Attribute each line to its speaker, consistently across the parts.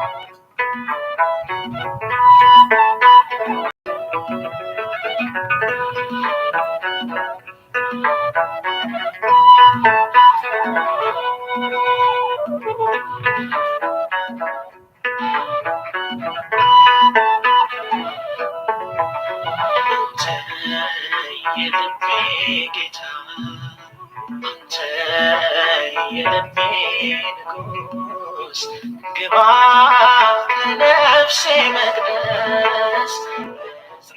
Speaker 1: Thank you.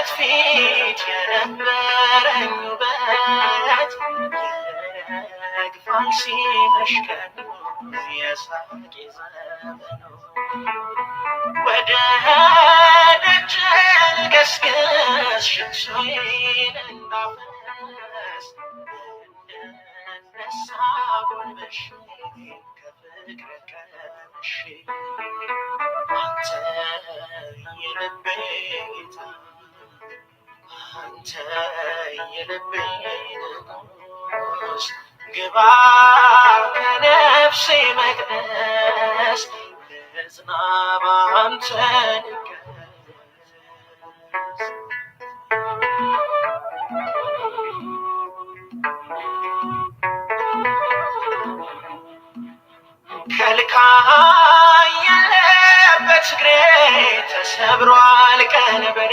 Speaker 1: ضاعت فيك يا نبارة وبات أقفل شي مشكل يا صاحبي زمان ودها دجال قسقس شمسوين النفس النساب والمشي كفكرك مشي حتى يلبيت አንተ የልቤ ንጉስ ግባ ከነፍሴ መቅደስ ልጽና ባንተ ንገስ ከልካ የለበት እግሬ ተሰብሯል ቀንበሬ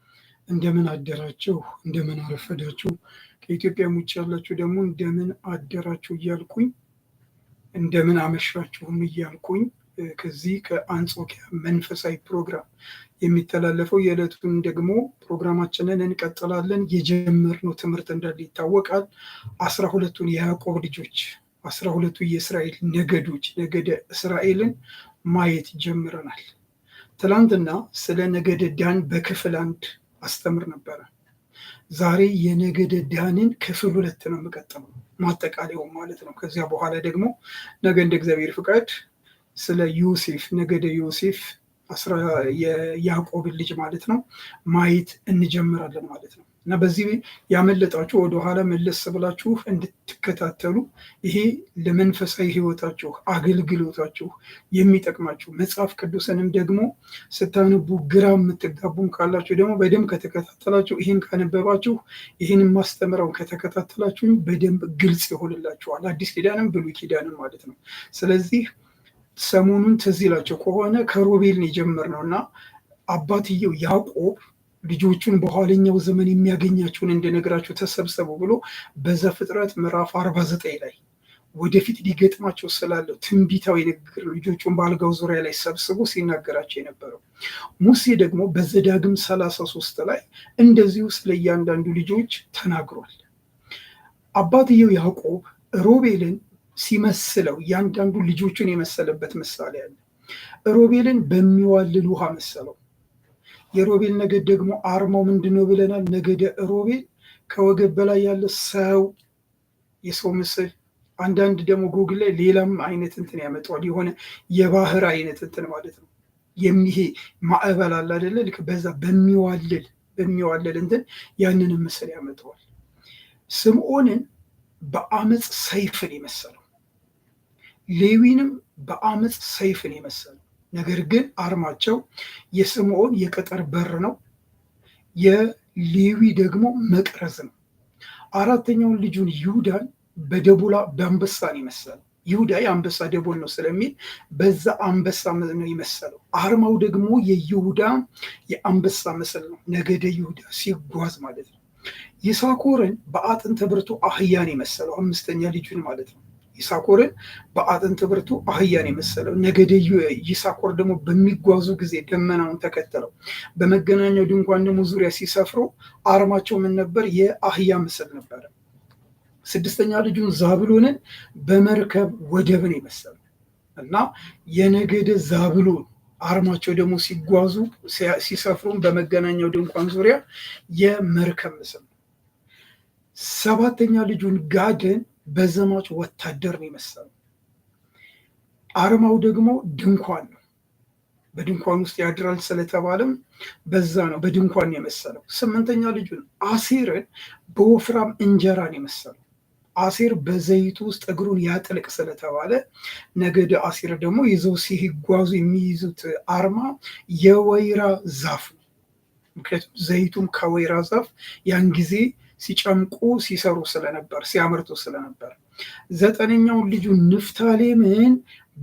Speaker 2: እንደምን አደራችሁ፣ እንደምን አረፈዳችሁ፣ ከኢትዮጵያም ውጭ ያላችሁ ደግሞ እንደምን አደራችሁ እያልኩኝ እንደምን አመሻችሁም እያልኩኝ ከዚህ ከአንጾኪያ መንፈሳዊ ፕሮግራም የሚተላለፈው የዕለቱን ደግሞ ፕሮግራማችንን እንቀጥላለን። የጀመርነው ትምህርት እንዳለ ይታወቃል። አስራ ሁለቱን የያዕቆብ ልጆች አስራ ሁለቱ የእስራኤል ነገዶች ነገደ እስራኤልን ማየት ጀምረናል። ትላንትና ስለ ነገደ ዳን በክፍል አንድ አስተምር ነበረ። ዛሬ የነገደ ድሃንን ክፍል ሁለት ነው የምቀጥለው ማጠቃለያው ማለት ነው። ከዚያ በኋላ ደግሞ ነገ እንደ እግዚአብሔር ፍቃድ ስለ ዮሴፍ ነገደ ዮሴፍ የያዕቆብን ልጅ ማለት ነው ማየት እንጀምራለን ማለት ነው። እና በዚህ ያመለጣችሁ ወደኋላ መለስ ብላችሁ እንድትከታተሉ ይሄ ለመንፈሳዊ ህይወታችሁ አገልግሎታችሁ የሚጠቅማችሁ መጽሐፍ ቅዱስንም ደግሞ ስታነቡ ግራ የምትጋቡም ካላችሁ ደግሞ በደንብ ከተከታተላችሁ ይህን ካነበባችሁ ይህን ማስተምረውን ከተከታተላችሁ በደንብ ግልጽ ይሆንላችኋል። አዲስ ኪዳንም ብሉይ ኪዳንም ማለት ነው። ስለዚህ ሰሞኑን ትዝ ይላችሁ ከሆነ ከሮቤልን ነው እና አባትየው ያዕቆብ ልጆቹን በኋለኛው ዘመን የሚያገኛቸውን እንደነገራቸው ተሰብሰቡ ብሎ በዘፍጥረት ምዕራፍ አርባ ዘጠኝ ላይ ወደፊት ሊገጥማቸው ስላለው ትንቢታዊ ንግግር ልጆቹን በአልጋው ዙሪያ ላይ ሰብስቦ ሲናገራቸው የነበረው። ሙሴ ደግሞ በዘዳግም ሰላሳ ሶስት ላይ እንደዚሁ ስለ እያንዳንዱ ልጆች ተናግሯል። አባትየው ያዕቆብ ሮቤልን ሲመስለው እያንዳንዱ ልጆቹን የመሰለበት ምሳሌ አለ። ሮቤልን በሚዋልል ውሃ መሰለው። የሮቤል ነገድ ደግሞ አርማው ምንድን ነው ብለናል? ነገደ ሮቤል ከወገብ በላይ ያለ ሰው የሰው ምስል አንዳንድ ደግሞ ጉግል ላይ ሌላም አይነት እንትን ያመጣዋል። የሆነ የባህር አይነት እንትን ማለት ነው። የሚሄ ማዕበል አለ አይደለ? ልክ በዛ በሚዋልል በሚዋልል እንትን ያንን ምስል ያመጣዋል። ስምዖንን በአመፅ ሰይፍን የመሰለው ሌዊንም በአመፅ ሰይፍን የመሰለው ነገር ግን አርማቸው የስምዖን የቅጥር በር ነው፣ የሌዊ ደግሞ መቅረዝ ነው። አራተኛውን ልጁን ይሁዳን በደቡላ በአንበሳን ይመሰለው። ይሁዳ የአንበሳ ደቦል ነው ስለሚል በዛ አንበሳ ነው የመሰለው። አርማው ደግሞ የይሁዳ የአንበሳ ምስል ነው፣ ነገደ ይሁዳ ሲጓዝ ማለት ነው። ይሳኮርን በአጥንተ ብርቱ አህያን የመሰለው አምስተኛ ልጁን ማለት ነው። ይሳኮርን በአጥንት ብርቱ አህያን የመሰለው ነገደ ይሳኮር ደግሞ በሚጓዙ ጊዜ ደመናውን ተከተለው። በመገናኛው ድንኳን ደግሞ ዙሪያ ሲሰፍሩ አርማቸው ምን ነበር? የአህያ ምስል ነበረ። ስድስተኛ ልጁን ዛብሎንን በመርከብ ወደብን የመሰለው እና የነገደ ዛብሎን አርማቸው ደግሞ ሲጓዙ ሲሰፍሩም በመገናኛው ድንኳን ዙሪያ የመርከብ ምስል ነው። ሰባተኛ ልጁን ጋድን በዘማች ወታደር ነው የመሰለው። አርማው ደግሞ ድንኳን ነው። በድንኳን ውስጥ ያድራል ስለተባለም በዛ ነው በድንኳን የመሰለው። ስምንተኛ ልጁን አሴርን በወፍራም እንጀራን የመሰለው አሴር በዘይቱ ውስጥ እግሩን ያጥልቅ ስለተባለ ነገደ አሴር ደግሞ ይዘው ሲጓዙ የሚይዙት አርማ የወይራ ዛፍ ነው። ምክንያቱም ዘይቱም ከወይራ ዛፍ ያን ጊዜ ሲጨምቁ ሲሰሩ ስለነበር ሲያመርቱ ስለነበር ዘጠነኛው ልጁ ንፍታሌምን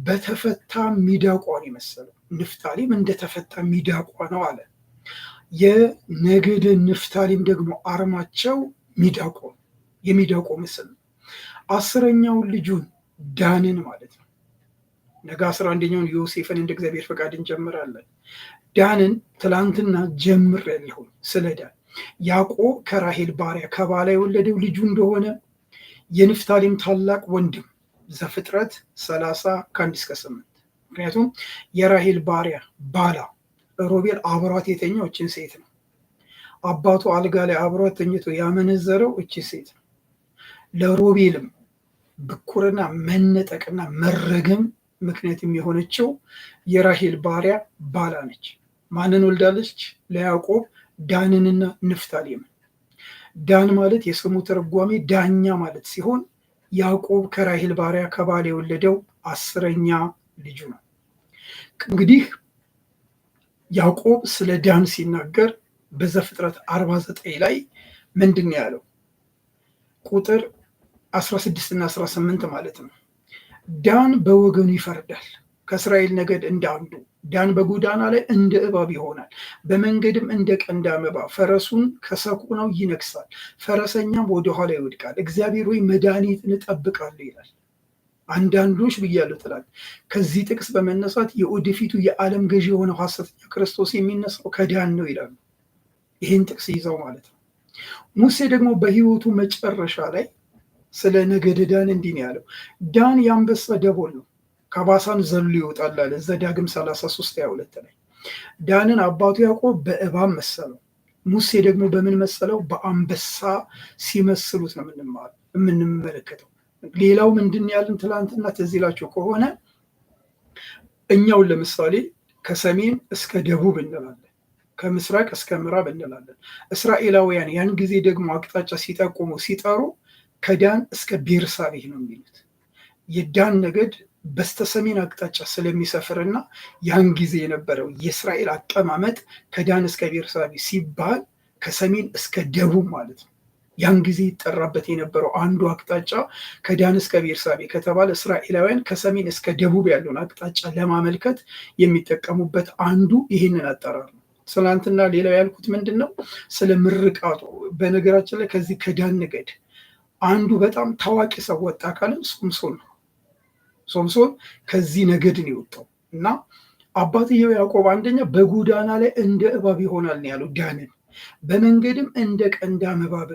Speaker 2: በተፈታ ሚዳቋ ነው የመሰለው። ንፍታሌም እንደተፈታ ሚዳቋ ነው አለ። የነገደ ንፍታሌም ደግሞ አርማቸው ሚዳቆ የሚዳቆ ምስል ነው። አስረኛውን ልጁን ዳንን ማለት ነው። ነገ አስራ አንደኛውን ዮሴፍን እንደ እግዚአብሔር ፈቃድ እንጀምራለን። ዳንን ትላንትና ጀምር ያለሁን ስለ ዳን ያዕቆብ ከራሄል ባሪያ ከባላ የወለደው ልጁ እንደሆነ የንፍታሊም ታላቅ ወንድም ዘፍጥረት 30 ከአንድ 1 እስከ ስምንት ምክንያቱም የራሄል ባሪያ ባላ ሮቤል አብሯት የተኛው እችን ሴት ነው። አባቱ አልጋ ላይ አብሯት ተኝቶ ያመነዘረው እች ሴት ነው። ለሮቤልም ብኩርና መነጠቅና መረገም ምክንያት የሆነችው የራሄል ባሪያ ባላ ነች። ማንን ወልዳለች? ለያዕቆብ ዳንንና ንፍታሌምን። ዳን ማለት የስሙ ተረጓሜ ዳኛ ማለት ሲሆን ያዕቆብ ከራሄል ባሪያ ከባል የወለደው አስረኛ ልጁ ነው። እንግዲህ ያዕቆብ ስለ ዳን ሲናገር በዘፍጥረት 49 ላይ ምንድን ነው ያለው? ቁጥር 16 እና 18 ማለት ነው። ዳን በወገኑ ይፈርዳል ከእስራኤል ነገድ እንዳንዱ ዳን በጎዳና ላይ እንደ እባብ ይሆናል፣ በመንገድም እንደ ቀንድ አመባ ፈረሱን ከሰቁናው ይነክሳል፣ ፈረሰኛም ወደኋላ ይወድቃል። እግዚአብሔር ወይ መድኃኒትን እጠብቃለሁ ይላል። አንዳንዶች ብያለሁ ትላል። ከዚህ ጥቅስ በመነሳት የወደፊቱ የዓለም ገዢ የሆነ ሐሰተኛ ክርስቶስ የሚነሳው ከዳን ነው ይላሉ። ይህን ጥቅስ ይዘው ማለት ነው። ሙሴ ደግሞ በህይወቱ መጨረሻ ላይ ስለ ነገደ ዳን እንዲህ ነው ያለው። ዳን የአንበሳ ደቦል ነው። ከባሳን ዘሎ ይወጣል አለ ዳግም 33 22 ላይ። ዳንን አባቱ ያዕቆብ በእባብ መሰለው፣ ሙሴ ደግሞ በምን መሰለው? በአንበሳ ሲመስሉት ነው የምንመለከተው። ሌላው ምንድን ያልን ትላንትና ትዝ ይላችሁ ከሆነ እኛውን ለምሳሌ ከሰሜን እስከ ደቡብ እንላለን፣ ከምስራቅ እስከ ምዕራብ እንላለን። እስራኤላውያን ያን ጊዜ ደግሞ አቅጣጫ ሲጠቁሙ ሲጠሩ ከዳን እስከ ቤርሳቤህ ነው የሚሉት። የዳን ነገድ በስተሰሜን አቅጣጫ ስለሚሰፍር ያን ጊዜ የነበረው የእስራኤል አቀማመጥ ከዳን እስከ ቤርሳቢ ሲባል ከሰሜን እስከ ደቡብ ማለት ነው። ያን ጊዜ ይጠራበት የነበረው አንዱ አቅጣጫ ከዳን እስከ ቤርሳቤ ከተባለ እስራኤላውያን ከሰሜን እስከ ደቡብ ያለውን አቅጣጫ ለማመልከት የሚጠቀሙበት አንዱ ይህንን አጠራር ነው። ትናንትና ሌላው ያልኩት ምንድን ነው? ስለ ምርቃቱ። በነገራችን ላይ ከዚህ ከዳን ነገድ አንዱ በጣም ታዋቂ ሰው ወጣ አካልም ሶምሶን ነው። ሶምሶን ከዚህ ነው የወጣው እና አባትየው ያዕቆብ አንደኛ በጎዳና ላይ እንደ እባብ ይሆናል ነው ያለው ዳንን፣ በመንገድም እንደ ቀንዳም እባብ።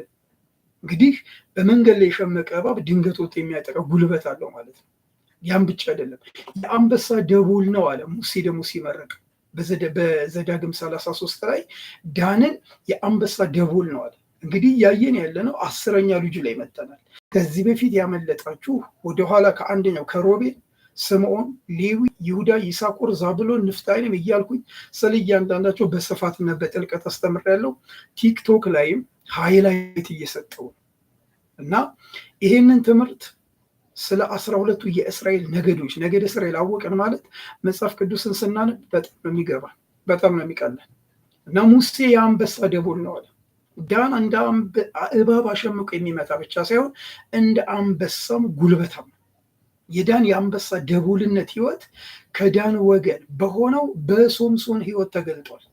Speaker 2: እንግዲህ በመንገድ ላይ የሸመቀ እባብ ድንገት ወጥ የሚያጠቃ ጉልበት አለው ማለት ነው። ያም ብቻ አይደለም፣ የአንበሳ ደቦል ነው አለ ሙሴ ደግሞ ሲመረቅ በዘዳግም 33 ላይ ዳንን የአንበሳ ደቦል ነው አለ። እንግዲህ እያየን ያለነው አስረኛ ልጁ ላይ መተናል ከዚህ በፊት ያመለጣችሁ ወደኋላ ከአንደኛው ከሮቤል ስምዖን፣ ሌዊ፣ ይሁዳ፣ ይሳኮር፣ ዛብሎን፣ ንፍታይንም እያልኩኝ ስለ እያንዳንዳቸው በስፋትና በጥልቀት አስተምሬያለሁ። ቲክቶክ ላይም ሃይላይት እየሰጠው እና ይሄንን ትምህርት ስለ አስራ ሁለቱ የእስራኤል ነገዶች ነገድ እስራኤል አወቅን ማለት መጽሐፍ ቅዱስን ስናነብ በጣም ነው የሚገባን፣ በጣም ነው የሚቀለን እና ሙሴ የአንበሳ ደቦል ነው አለ ዳን እንደ እባብ አሸምቆ የሚመታ ብቻ ሳይሆን እንደ አንበሳም ጉልበታም ነው። የዳን የአንበሳ ደቡልነት ህይወት ከዳን ወገን በሆነው በሶምሶን ህይወት ተገልጧል።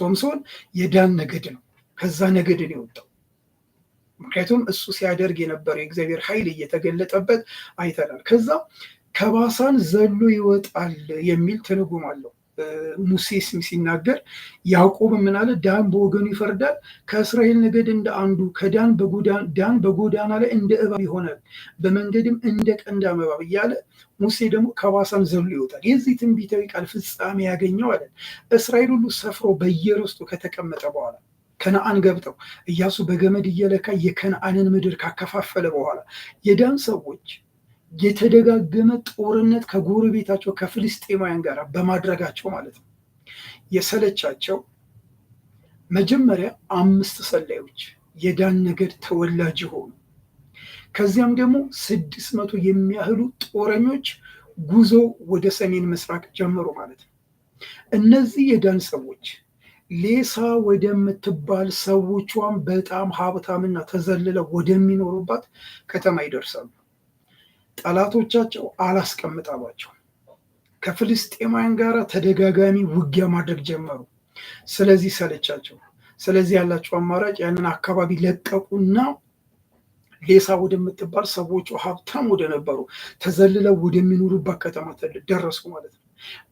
Speaker 2: ሶምሶን የዳን ነገድ ነው። ከዛ ነገድ ነው የወጣው። ምክንያቱም እሱ ሲያደርግ የነበረው የእግዚአብሔር ኃይል እየተገለጠበት አይተናል። ከዛ ከባሳን ዘሎ ይወጣል የሚል ትርጉም አለው። ሙሴስም ሲናገር ያዕቆብ ምን አለ? ዳን በወገኑ ይፈርዳል፣ ከእስራኤል ነገድ እንደ አንዱ ከዳን ዳን በጎዳና ላይ እንደ እባብ ይሆናል፣ በመንገድም እንደ ቀንዳ መባብ እያለ ሙሴ ደግሞ ከባሳን ዘሎ ይወጣል። የዚህ ትንቢታዊ ቃል ፍጻሜ ያገኘው አለን እስራኤል ሁሉ ሰፍሮ በየርስቱ ከተቀመጠ በኋላ ከነአን ገብተው እያሱ በገመድ እየለካ የከነአንን ምድር ካከፋፈለ በኋላ የዳን ሰዎች የተደጋገመ ጦርነት ከጎረቤታቸው ከፍልስጤማውያን ጋር በማድረጋቸው ማለት ነው። የሰለቻቸው መጀመሪያ አምስት ሰላዮች የዳን ነገድ ተወላጅ የሆኑ ከዚያም ደግሞ ስድስት መቶ የሚያህሉ ጦረኞች ጉዞ ወደ ሰሜን ምስራቅ ጀመሩ ማለት ነው። እነዚህ የዳን ሰዎች ሌሳ ወደምትባል ሰዎቿን በጣም ሀብታምና ተዘልለው ወደሚኖሩባት ከተማ ይደርሳሉ። ጠላቶቻቸው አላስቀምጣሏቸው። ከፍልስጤማውያን ጋር ተደጋጋሚ ውጊያ ማድረግ ጀመሩ። ስለዚህ ሰለቻቸው። ስለዚህ ያላቸው አማራጭ ያንን አካባቢ ለቀቁና ሌሳ ወደምትባል ሰዎቹ ሀብታም ወደ ነበሩ ተዘልለው ወደሚኖሩባት ከተማ ደረሱ ማለት ነው።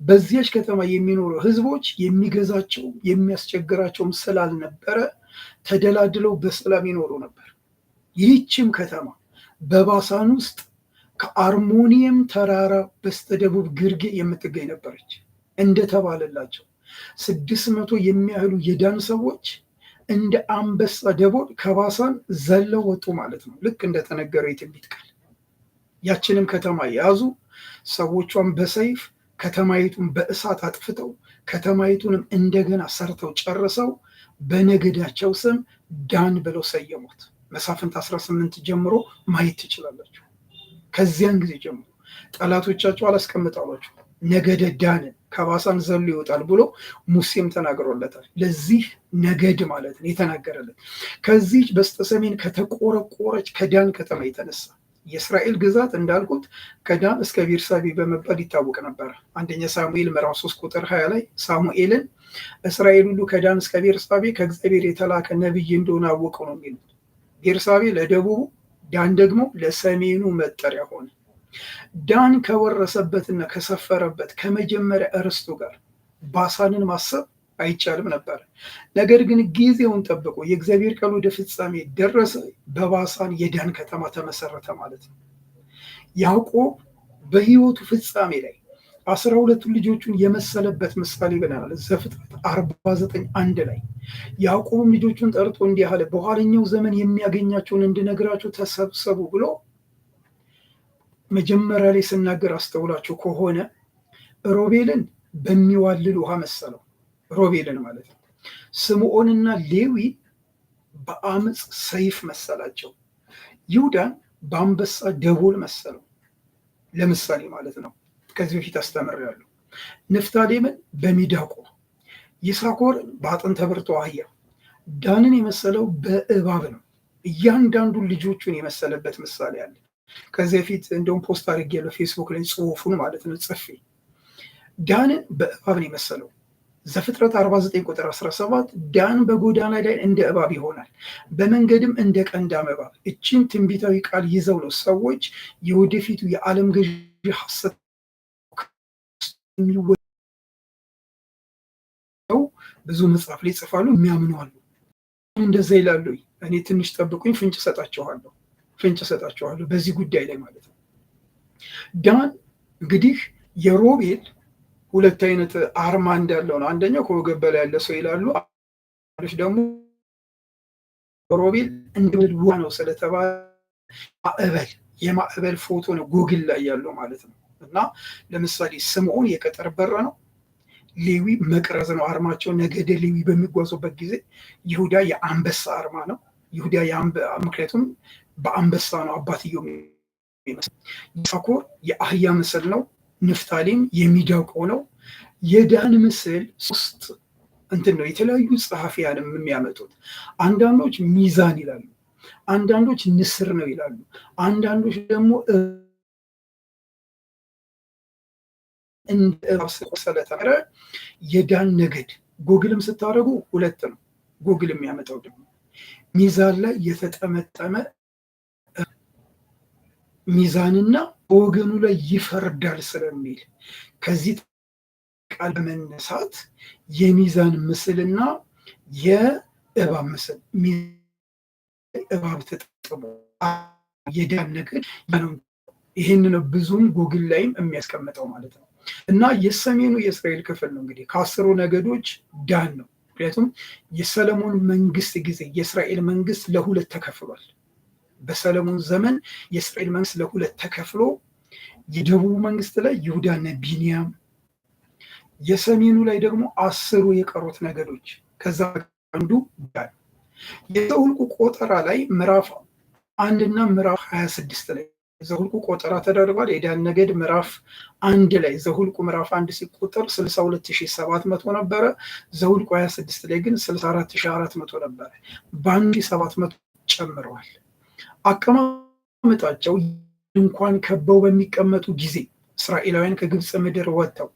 Speaker 2: በዚያች ከተማ የሚኖሩ ህዝቦች የሚገዛቸው የሚያስቸግራቸውም ስላልነበረ ተደላድለው በሰላም ይኖሩ ነበር። ይህችም ከተማ በባሳን ውስጥ ከአርሞኒየም ተራራ በስተደቡብ ግርጌ የምትገኝ ነበረች። እንደተባለላቸው ስድስት መቶ የሚያህሉ የዳን ሰዎች እንደ አንበሳ ደቦል ከባሳን ዘለው ወጡ ማለት ነው። ልክ እንደተነገረው የትንቢት ቃል ያችንም ከተማ የያዙ ሰዎቿን በሰይፍ ከተማይቱን በእሳት አጥፍተው ከተማይቱንም እንደገና ሰርተው ጨርሰው በነገዳቸው ስም ዳን ብለው ሰየሟት። መሳፍንት 18 ጀምሮ ማየት ትችላላችሁ። ከዚያን ጊዜ ጀምሮ ጠላቶቻቸው አላስቀምጣሏቸው ነገደ ዳንን ከባሳን ዘሎ ይወጣል ብሎ ሙሴም ተናግሮለታል። ለዚህ ነገድ ማለት ነው የተናገረለት። ከዚህ በስተሰሜን ከተቆረቆረች ከዳን ከተማ የተነሳ የእስራኤል ግዛት እንዳልኩት ከዳን እስከ ቢርሳቢ በመባል ይታወቅ ነበር። አንደኛ ሳሙኤል ምዕራፍ 3 ቁጥር ሀያ ላይ ሳሙኤልን እስራኤል ሁሉ ከዳን እስከ ቤርሳቤ ከእግዚአብሔር የተላከ ነቢይ እንደሆነ አወቀው ነው የሚሉት። ቤርሳቤ ለደቡቡ ዳን ደግሞ ለሰሜኑ መጠሪያ ሆነ። ዳን ከወረሰበትና ከሰፈረበት ከመጀመሪያ እርስቱ ጋር ባሳንን ማሰብ አይቻልም ነበር። ነገር ግን ጊዜውን ጠብቆ የእግዚአብሔር ቃል ወደ ፍጻሜ ደረሰ። በባሳን የዳን ከተማ ተመሰረተ ማለት ነው። ያዕቆብ በህይወቱ ፍጻሜ ላይ አስራ ሁለቱን ልጆቹን የመሰለበት ምሳሌ ብለናል። ዘፍጥረት አርባ ዘጠኝ አንድ ላይ ያዕቆብም ልጆቹን ጠርቶ እንዲህ አለ፣ በኋለኛው ዘመን የሚያገኛቸውን እንድነግራችሁ ተሰብሰቡ ብሎ መጀመሪያ ላይ ስናገር አስተውላችሁ ከሆነ ሮቤልን በሚዋልል ውሃ መሰለው። ሮቤልን ማለት ነው። ስምዖንና ሌዊ በአመፅ ሰይፍ መሰላቸው። ይሁዳን በአንበሳ ደቦል መሰለው። ለምሳሌ ማለት ነው። ከዚህ በፊት ያሉ ንፍታሌምን በሚዳቆ ይሳኮር በአጥንተ ብርቱ አህያ፣ ዳንን የመሰለው በእባብ ነው። እያንዳንዱን ልጆቹን የመሰለበት ምሳሌ አለ። ከዚህ በፊት እንደውም ፖስት አድርጌያለሁ ፌስቡክ ላይ ጽሁፉን ማለት ነው ጽፌ ዳንን በእባብ ነው የመሰለው። ዘፍጥረት 49 ቁጥር 17 ዳን በጎዳና ላይ እንደ እባብ ይሆናል፣ በመንገድም እንደ ቀንዳም እባብ። እችን ትንቢታዊ ቃል ይዘው ነው ሰዎች የወደፊቱ የዓለም ገዢ ሀሰት ብዙ መጽሐፍ ላይ ይጽፋሉ፣ የሚያምኑ አሉ። እንደዛ ይላሉ። እኔ ትንሽ ጠብቁኝ፣ ፍንጭ ሰጣችኋለሁ፣ ፍንጭ ሰጣችኋለሁ በዚህ ጉዳይ ላይ ማለት ነው። ዳን እንግዲህ የሮቤል ሁለት አይነት አርማ እንዳለው ነው። አንደኛው ከወገብ በላይ ያለ ሰው ይላሉ። አሪፍ ደግሞ ሮቤል እንድብልዋ ነው ስለተባለ ማዕበል የማዕበል ፎቶ ነው ጎግል ላይ ያለው ማለት ነው። እና ለምሳሌ ስምዖን የቀጠር በር ነው። ሌዊ መቅረዝ ነው አርማቸው። ነገደ ሌዊ በሚጓዙበት ጊዜ ይሁዳ የአንበሳ አርማ ነው። ይሁዳ ምክንያቱም በአንበሳ ነው አባትየው ይመስል። ይሳኮር የአህያ ምስል ነው። ንፍታሌም የሚዳቆ ነው። የዳን ምስል ሶስት እንትን ነው የተለያዩ ጸሐፊያንም የሚያመጡት አንዳንዶች ሚዛን ይላሉ፣ አንዳንዶች ንስር ነው ይላሉ፣ አንዳንዶች ደግሞ ስለተረ የዳን ነገድ ጎግልም ስታደረጉ ሁለት ነው። ጎግል የሚያመጣው ደግሞ ሚዛን ላይ የተጠመጠመ ሚዛንና በወገኑ ላይ ይፈርዳል ስለሚል ከዚህ ቃል በመነሳት የሚዛን ምስልና የእባብ ምስል እባብ ተጠቅሞ የዳን ነገድ ይህን ነው ብዙም ጎግል ላይም የሚያስቀምጠው ማለት ነው። እና የሰሜኑ የእስራኤል ክፍል ነው እንግዲህ ከአስሩ ነገዶች ዳን ነው። ምክንያቱም የሰለሞን መንግስት ጊዜ የእስራኤል መንግስት ለሁለት ተከፍሏል። በሰለሞን ዘመን የእስራኤል መንግስት ለሁለት ተከፍሎ የደቡቡ መንግስት ላይ ይሁዳና ቢንያም፣ የሰሜኑ ላይ ደግሞ አስሩ የቀሩት ነገዶች ከዛ አንዱ ዳን የዘኍልቍ ቆጠራ ላይ ምዕራፍ አንድና ምዕራፍ ሀያ ስድስት ላይ ዘሁልቁ ቆጠራ ተደርጓል። የዳን ነገድ ምዕራፍ አንድ ላይ ዘሁልቁ ምዕራፍ አንድ ሲቆጠር 62700 ነበረ። ዘሁልቁ 26 ላይ ግን 64400 ነበረ። በ1700 ጨምረዋል። አቀማመጣቸው ድንኳን ከበው በሚቀመጡ ጊዜ እስራኤላውያን ከግብፅ ምድር ወጥተው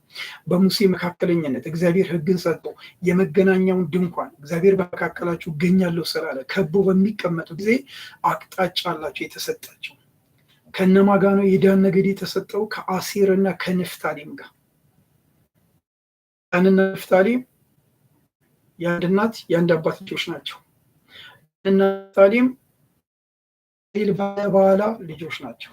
Speaker 2: በሙሴ መካከለኝነት እግዚአብሔር ሕግን ሰጥቶ የመገናኛውን ድንኳን እግዚአብሔር በመካከላቸው እገኛለሁ ስላለ ከበው በሚቀመጡ ጊዜ አቅጣጫ አላቸው የተሰጣቸው ከነማ ጋ ነው የዳን ነገድ የተሰጠው? ከአሴር እና ከንፍታሊም ጋር። ዳንና ንፍታሊም የአንድ እናት የአንድ አባት ልጆች ናቸው። ዳንና ንፍታሊም ባለባላ ልጆች ናቸው።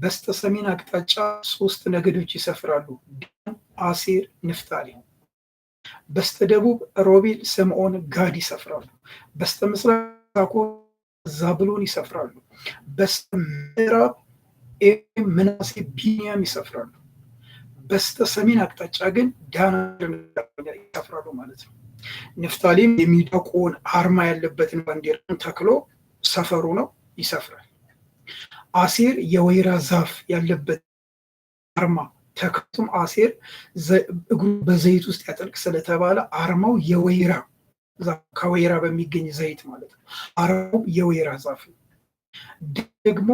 Speaker 2: በስተ ሰሜን አቅጣጫ ሶስት ነገዶች ይሰፍራሉ፣ ዳን፣ አሴር፣ ንፍታሊም። በስተ ደቡብ ሮቤል፣ ስምዖን፣ ጋድ ይሰፍራሉ። በስተ ምስራቅ ዛብሎን ይሰፍራሉ። በስተ ምዕራብ ምናሴ፣ ቢንያም ይሰፍራሉ። በስተ ሰሜን አቅጣጫ ግን ዳና ይሰፍራሉ ማለት ነው። ንፍታሌም የሚዳቆን አርማ ያለበትን ባንዲራን ተክሎ ሰፈሩ ነው ይሰፍራል። አሴር የወይራ ዛፍ ያለበት አርማ ተክቱም አሴር እግሩ በዘይት ውስጥ ያጠልቅ ስለተባለ አርማው የወይራ ከወይራ በሚገኝ ዘይት ማለት ነው። አረቡ የወይራ ዛፍ ደግሞ